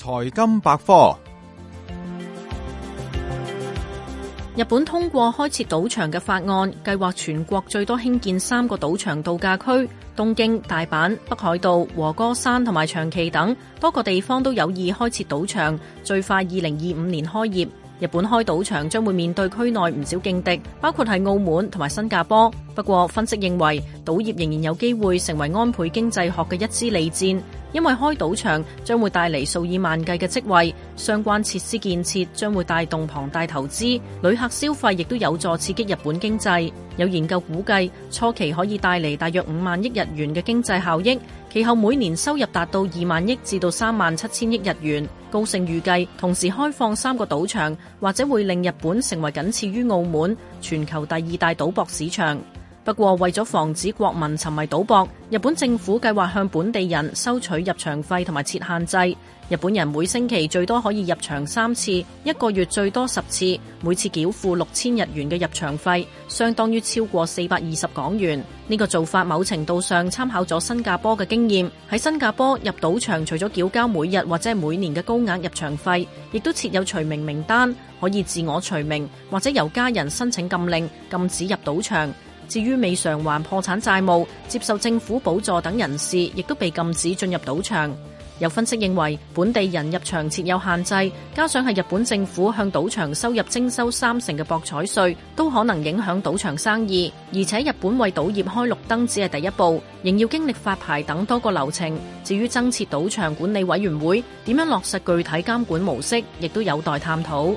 財金百科：日本通過開設賭場嘅法案，計劃全國最多興建三個賭場度假區，東京、大阪、北海道、和歌山同埋長崎等多個地方都有意開設賭場，最快二零二五年開業。日本開賭場將會面對區內唔少勁敵，包括係澳門同埋新加坡。不過，分析認為，賭業仍然有機會成為安倍經濟學嘅一支利箭，因為開賭場將會帶嚟數以萬計嘅職位，相關設施建設將會帶動龐大投資，旅客消費亦都有助刺激日本經濟。有研究估計，初期可以帶嚟大約五萬億日元嘅經濟效益，其後每年收入達到二萬億至到三萬七千億日元。高盛預計，同時開放三個賭場，或者會令日本成為僅次於澳門全球第二大賭博市場。不過，為咗防止國民沉迷賭博，日本政府計劃向本地人收取入場費，同埋設限制。日本人每星期最多可以入場三次，一個月最多十次，每次繳付六千日元嘅入場費，相當於超過四百二十港元。呢、這個做法某程度上參考咗新加坡嘅經驗。喺新加坡入賭場，除咗繳交每日或者每年嘅高額入場費，亦都設有除名名單，可以自我除名或者由家人申請禁令，禁止入賭場。至於未償還破產債務、接受政府補助等人士，亦都被禁止進入賭場。有分析認為，本地人入場設有限制，加上係日本政府向賭場收入徵收三成嘅博彩稅，都可能影響賭場生意。而且日本為賭業開綠燈只係第一步，仍要經歷發牌等多個流程。至於增設賭場管理委員會，點樣落實具體監管模式，亦都有待探討。